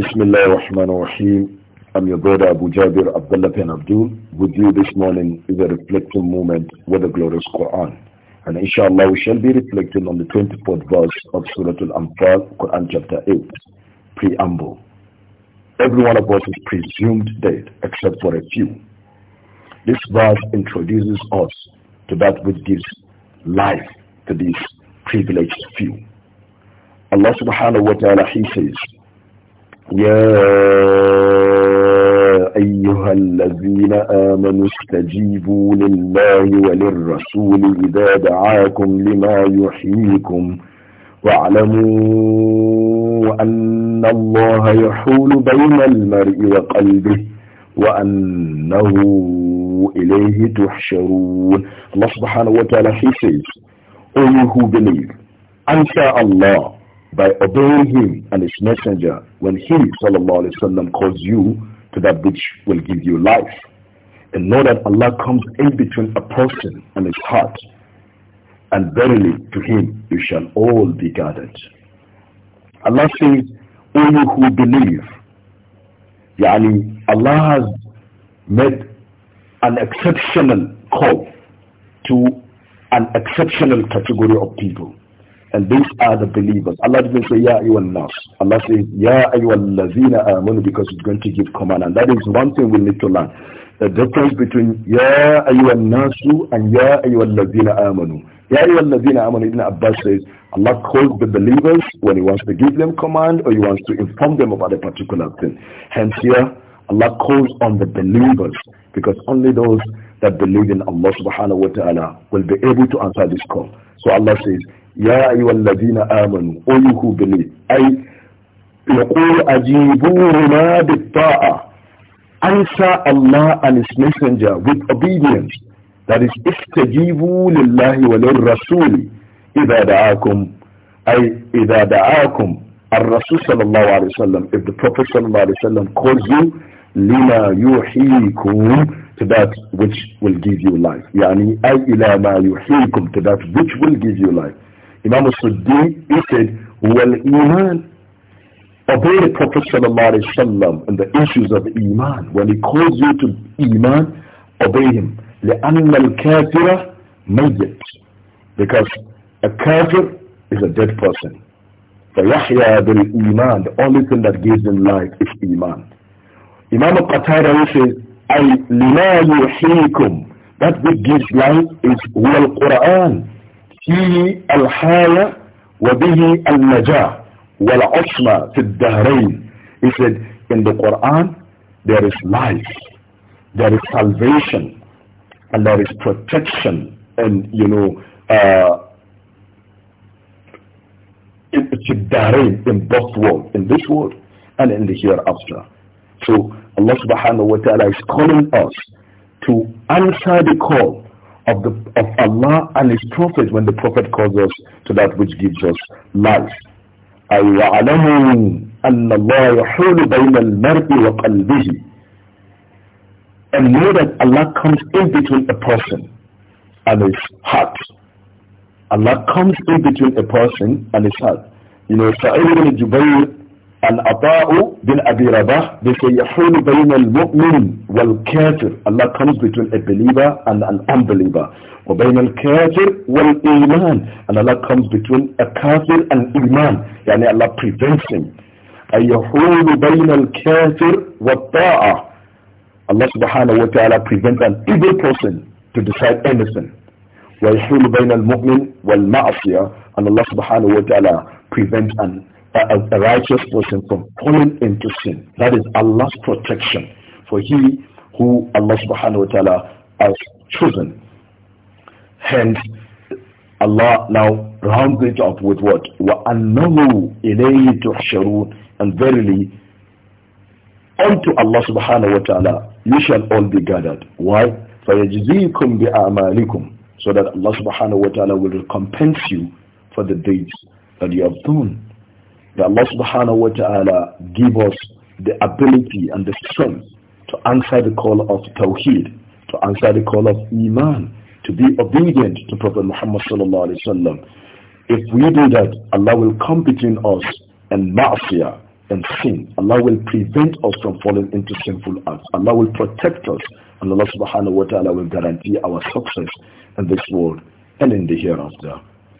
Bismillah ar-Rahman ar-Rahim. I'm your brother Abu Jabir Abdullah bin Abdul. With you this morning is a reflective moment with the glorious Quran. And inshallah we shall be reflecting on the 24th verse of Surah Al-Anfal, Quran chapter 8, preamble. Every one of us is presumed dead except for a few. This verse introduces us to that which gives life to these privileged few. Allah subhanahu wa ta'ala, he says, يا أيها الذين آمنوا استجيبوا لله وللرسول إذا دعاكم لما يحييكم واعلموا أن الله يحول بين المرء وقلبه وأنه إليه تحشرون الله سبحانه وتعالى he says only who believe الله by obeying him and his messenger when he sallallahu wasallam, calls you to that which will give you life and know that Allah comes in between a person and his heart and verily to him you shall all be gathered Allah says all you who believe yani Allah has made an exceptional call to an exceptional category of people and these are the believers. Allah didn't say, Ya ayyuhan nas. Allah says, Ya ayyuhan lazina amanu because He's going to give command. And that is one thing we need to learn. The difference between Ya ayyuhan nasu and Ya ayyuhan lazina amanu. Ya ayyuhan lazina amanu, Ibn Abbas says, Allah calls the believers when He wants to give them command or He wants to inform them about a particular thing. Hence here, Allah calls on the believers because only those that believe in Allah subhanahu wa ta'ala will be able to answer this call. So Allah says, Ya ayyuhalladhina amanu, O you who believe, ay يقول ajibuna bitta'a. Answer Allah and His Messenger with obedience. That is, istajibu استجيبوا لله وللرسول إذا دعاكم أي إذا دعاكم الرسول صلى الله عليه وسلم if the Prophet صلى الله عليه وسلم calls you لما يوحيكم to that which will give you life. Yani, ay ila ma yuhikum, to that which will give you life. Imam al-Suddi, he said, well, iman, obey the Prophet sallallahu alayhi sallam and the issues of iman. When he calls you to iman, obey him. لأن الكافر ميت. Because a kafir is a dead person. فيحيا بالإيمان. The only thing that gives him life is iman. Imam al-Qatada says, and لِمَا يُحْيِيكُمْ That which gives life is هو القرآن فيه الحياة وبه النجاة والعصمة في الدهرين He said, in the Quran there is life, there is salvation, and there is protection and, you know, uh, in both worlds, in this world and in the hereafter. So Allah subhanahu wa ta'ala is calling us to answer the call of, the, of Allah and His Prophet when the Prophet calls us to that which gives us life. أي وعلموا أن الله يحول بين المرء وقلبه and know that Allah comes in between a person and his heart. Allah comes in between a person and his heart. You know, Sa'id ibn Jubayr and atau bin Abi Rabah, they say, يَحُولُ بَيْنَ الْمُؤْمِنِ وَالْكَافِرْ Allah comes between a believer and an unbeliever. وَبَيْنَ الْكَافِرْ وَالْإِيمَانِ And Allah comes between a kafir and iman. يعني Allah prevents him. أَيَحُولُ بَيْنَ الْكَافِرْ وَالطَّاعَةِ Allah subhanahu wa ta'ala prevents an evil person to decide anything. وَيَحُولُ بَيْنَ الْمُؤْمِنِ mafiya And Allah subhanahu wa ta'ala prevents an a, a righteous person from falling into sin. That is Allah's protection for he who Allah subhanahu wa ta'ala has chosen. Hence, Allah now rounds it up with what? وَأَنَّهُ إِلَيْهِ تُحْشَرُونَ And verily, unto Allah subhanahu wa ta'ala, you shall all be gathered. Why? فَيَجْزِيكُمْ بِأَعْمَالِكُمْ So that Allah subhanahu wa ta'ala will recompense you for the deeds that you have done. That Allah subhanahu wa ta'ala give us the ability and the strength to answer the call of Tawheed, to answer the call of Iman, to be obedient to Prophet Muhammad sallallahu alayhi wa sallam. If we do that, Allah will come between us and ma'asiyah and sin. Allah will prevent us from falling into sinful acts. Allah will protect us and Allah subhanahu wa ta'ala will guarantee our success in this world and in the hereafter.